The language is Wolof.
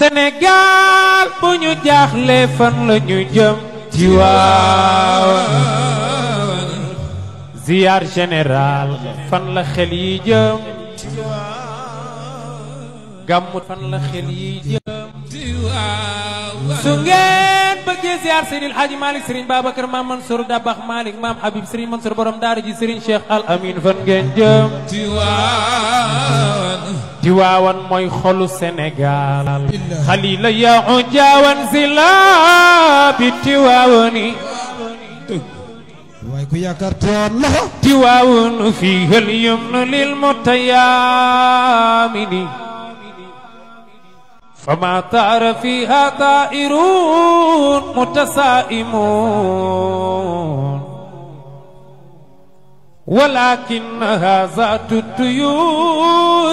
Sénégal bu ñu jaaxle fan la ñu jëm ci ziar général fan la xel yi fan la xel yi jëm su ngeen bëggee ziar Seydil Hadji Malick Serigne Maam Mansour Dabax Malick Maam Habib Serigne Mansour borom daara ji Serigne Al Amin fan ngeen جواوان موي خلو سنغال خليل يا عجاوان زلا بتواوني وايكو يا كارتي الله تواون فيه اليمن للمتيامين فما تار فيها طائرون متسائمون ولكنها ذات الطيور